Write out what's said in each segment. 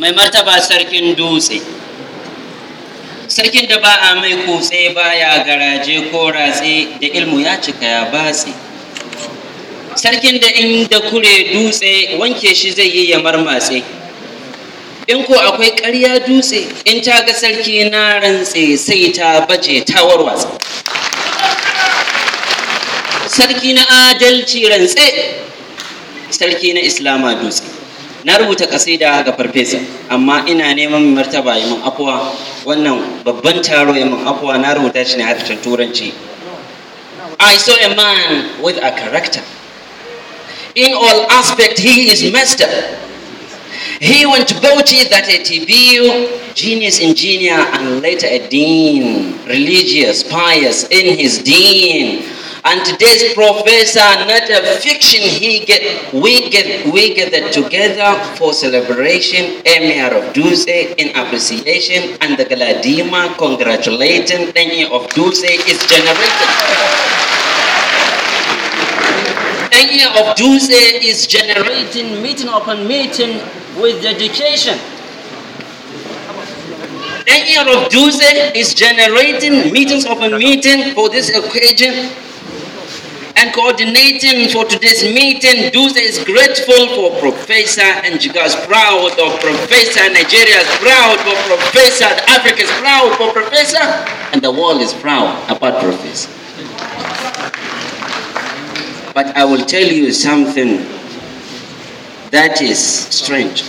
mai martaba sarkin dutse sarkin da ba a mai kutse baya garaje ko ratse da ilmu ya cika ya batse sarkin da inda kure dutse wanke shi zai yi ya marmatse in ko akwai karya dutse in ta ga sarki na rantse sai ta baje ta warwatsa sarki na adalci rantse sarki na islama dutse na rubuta kasida ga farfesa amma ina neman martaba yi afuwa wannan babban taro yi afuwa na rubuta shi ne harshen turanci I saw a man with a character in all aspect he is master he went to Bauchi that a TBU genius engineer and later a dean religious pious in his dean and today's professor, not a fiction, he get, we, get, we gather together for celebration, Emir of Duse in appreciation, and the Galadima congratulating Emir of Duse is generated. Emir of Duse is generating meeting upon meeting with dedication. Emir of Duse is generating meetings upon meeting for this occasion and coordinating for today's meeting. Dusa is grateful for Professor and Jiga's proud of Professor, Nigeria is proud for Professor, Africa is proud for Professor, and the world is proud about Professor. But I will tell you something that is strange.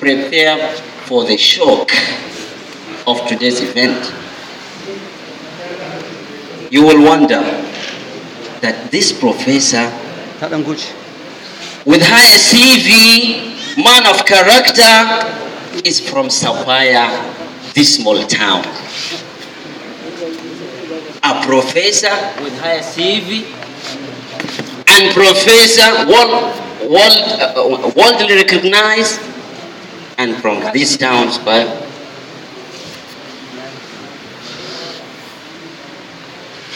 Prepare for the shock of today's event. You will wonder that this professor with higher CV, man of character, is from Sapaya, this small town. A professor with higher CV and professor world, world, uh, worldly recognized and from this town, Sapaya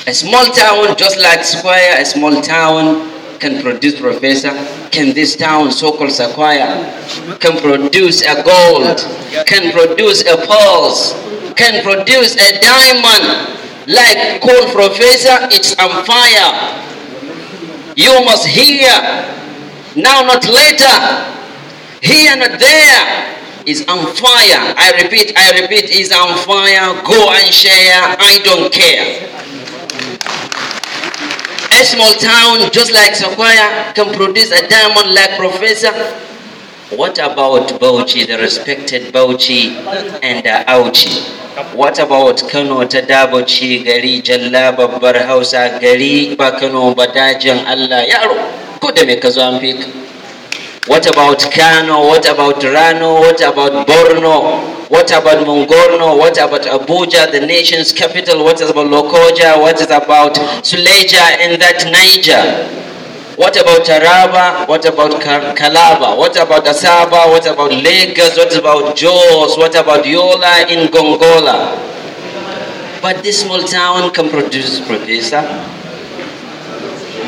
A small town, just like Squire, a small town can produce professor. Can this town, so-called Squire, can produce a gold, can produce a pearls, can produce a diamond. Like cold professor, it's on fire. You must hear, now not later. Here not there is on fire. I repeat, I repeat, is on fire. Go and share. I don't care. a small town just like Sequoia can produce a diamond like Professor? What about Bauchi, the respected Bauchi and the Auchi? What about Kano ta gari Jalaba, Barhausa, Hausa gari ba Kano ba dajin Allah yaro ko da make ka zo What about Kano? What about Rano? What about Borno? What about Mongorno? What about Abuja, the nation's capital? What is about Lokoja? What is about Suleja and that Niger? What about Taraba? What about Calabar? What about Asaba? What about Lagos? What about Jos? What about Yola in Gongola? But this small town can produce producer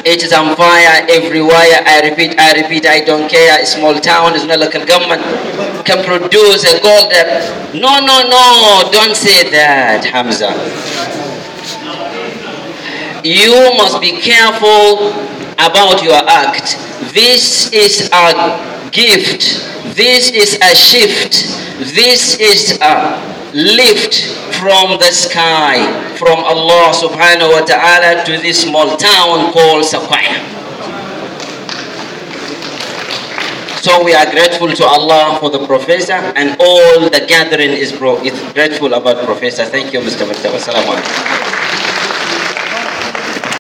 it is on fire everywhere. I repeat, I repeat, I don't care. A small town is not local government can produce a gold that. No, no, no, don't say that, Hamza. You must be careful about your act. This is a gift. This is a shift. This is a lift from the sky from Allah subhanahu wa ta'ala to this small town called Safaya. So we are grateful to Allah for the professor and all the gathering is, bro- is grateful about professor. Thank you, Mr.